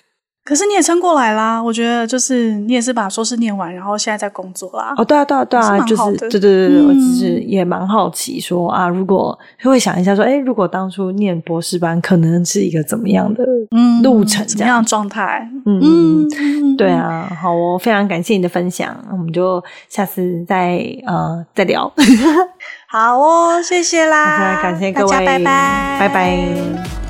可是你也撐過來啦，我覺得就是你也是把碩士念完，然後現在在工作啦。哦，對啊，對啊，對啊，就是就是對對對、嗯、我其實也蠻好奇說，說啊，如果會想一下說，說哎，如果當初念博士班，可能是一個怎麼樣的路程，嗯、這樣怎麼樣的狀態，嗯嗯嗯。嗯，對啊，好哦，非常感謝你的分享，嗯、我們就下次再呃再聊。 好哦，謝謝啦，Okay, 感謝各位，大家拜拜，拜拜，拜拜。